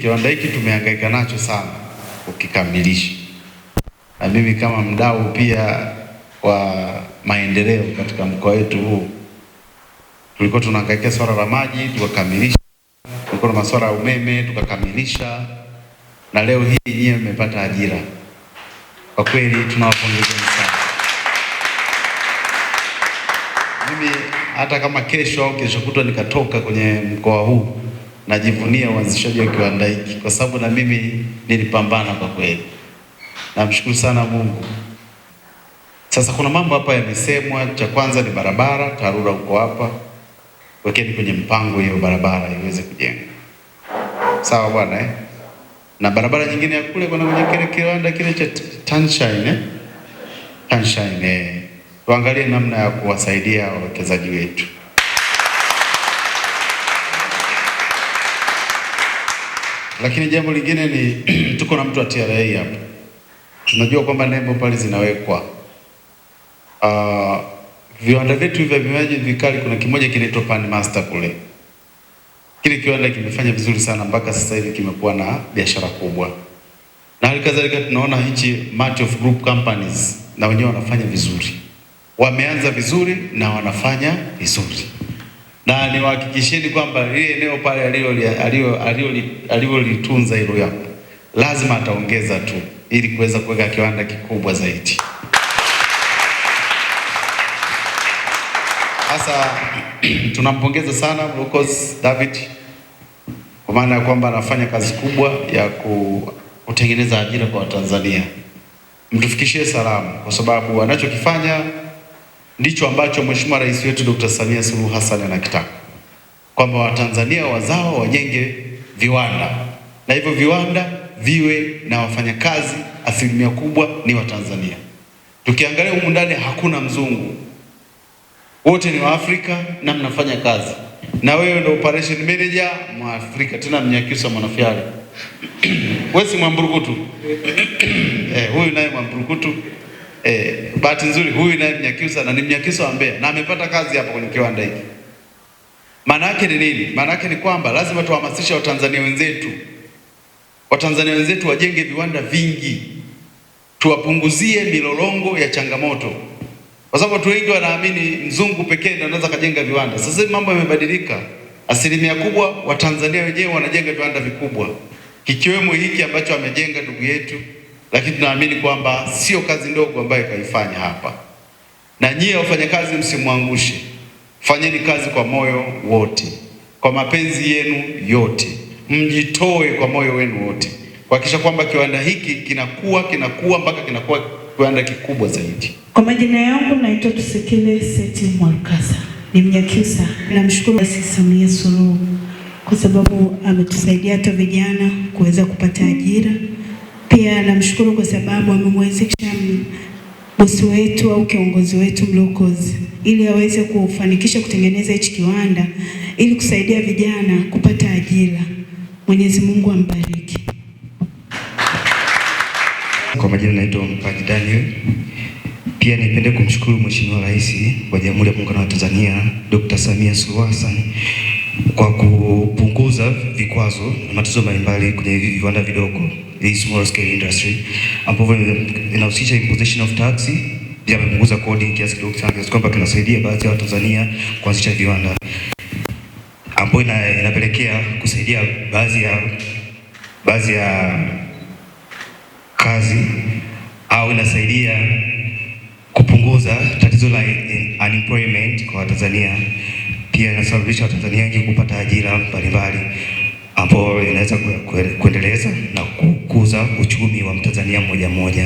Kiwanda hiki tumehangaika nacho sana ukikamilisha, na mimi kama mdau pia wa maendeleo katika mkoa wetu huu, tulikuwa tunahangaika swala la maji tukakamilisha, tulikuwa na masuala ya umeme tukakamilisha, na leo hii nyie mmepata ajira. Kwa kweli tunawapongezeni sana. Mimi hata kama kesho au kesho kutwa nikatoka kwenye mkoa huu najivunia uanzishaji wa kiwanda hiki kwa sababu na mimi nilipambana kwa kweli. Namshukuru sana Mungu. Sasa kuna mambo hapa yamesemwa. Cha kwanza ni barabara, TARURA uko hapa, wekeni kwenye mpango hiyo barabara iweze kujengwa, sawa bwana eh? na barabara nyingine ya kule kuna kwenye kile kiwanda kile cha Tanshine eh? Tanshine eh? Tuangalie namna ya kuwasaidia wawekezaji wetu. Lakini jambo lingine ni tuko na mtu wa TRA hapa, tunajua kwamba nembo pale zinawekwa uh, viwanda vyetu vya vinywaji vikali, kuna kimoja kinaitwa Pan Master kule. Kile kiwanda kimefanya vizuri sana mpaka sasa hivi kimekuwa na biashara kubwa, na hali kadhalika tunaona hichi Malt of Group Companies na wenyewe wanafanya vizuri, wameanza vizuri na wanafanya vizuri na niwahakikisheni kwamba ile eneo pale alivyolitunza hilo yapo, lazima ataongeza tu ili kuweza kuweka kiwanda kikubwa zaidi. Sasa tunampongeza sana Lucas David kwa maana ya kwamba anafanya kazi kubwa ya kutengeneza ajira kwa Watanzania. Mtufikishie salamu kwa sababu anachokifanya ndicho ambacho Mheshimiwa Rais wetu Dr. Samia Suluhu Hassan anakitaka kwamba Watanzania wazao wajenge viwanda na hivyo viwanda viwe na wafanyakazi asilimia kubwa ni Watanzania. Tukiangalia humu ndani hakuna mzungu, wote ni Waafrika na mnafanya kazi, na wewe ndio operation manager Mwafrika, tena Mnyakyusa mwanafyali wewe si Mwamburukutu eh, huyu naye Mwamburukutu. Eh, bahati nzuri huyu naye Mnyakyusa na ni Mnyakyusa wa Mbeya na amepata kazi hapa kwenye kiwanda hiki. Maana yake ni nini? Maana yake ni kwamba lazima tuhamasishe Watanzania wenzetu, Watanzania wenzetu wajenge viwanda vingi, tuwapunguzie milolongo ya changamoto, kwa sababu watu wengi wanaamini mzungu pekee ndiye anaweza kujenga viwanda. Sasa hivi mambo yamebadilika, asilimia kubwa Watanzania wenyewe wanajenga viwanda vikubwa, kikiwemo hiki ambacho amejenga ndugu yetu lakini tunaamini kwamba sio kazi ndogo ambayo kaifanya hapa, na nyie wafanyakazi msimwangushe, fanyeni kazi kwa moyo wote, kwa mapenzi yenu yote, mjitoe kwa moyo wenu wote kuhakikisha kwamba kiwanda hiki kinakuwa kinakuwa mpaka kinakuwa kiwanda kikubwa zaidi. Kwa majina yangu naitwa Tusekele Seti Mwalukasa, ni Mnyakyusa. Namshukuru Rais Samia Suluhu kwa sababu ametusaidia hata vijana kuweza kupata ajira. Pia namshukuru kwa sababu amemwezesha bosi wetu au kiongozi wetu Mlokozi ili aweze kufanikisha kutengeneza hichi kiwanda ili kusaidia vijana kupata ajira. Mwenyezi Mungu ambariki. Kwa majina naitwa Mpaji Daniel. Pia nipende kumshukuru Mheshimiwa Rais wa Jamhuri ya Muungano wa Tanzania Dr. Samia Suluhu Hassan kwa kupunguza vikwazo na matatizo mbalimbali kwenye viwanda vidogo, hii small scale industry, ambapo inahusisha imposition of tax pia amepunguza kodi kiasi kidogo sana, kiasi kwamba tunasaidia baadhi ya Watanzania kuanzisha viwanda ambapo ina, inapelekea kusaidia baadhi ya baadhi ya kazi au inasaidia kupunguza tatizo la unemployment kwa Watanzania pia inasababisha Watanzania wengi kupata ajira mbalimbali ambayo inaweza kuendeleza na kukuza uchumi wa Mtanzania mmoja mmoja.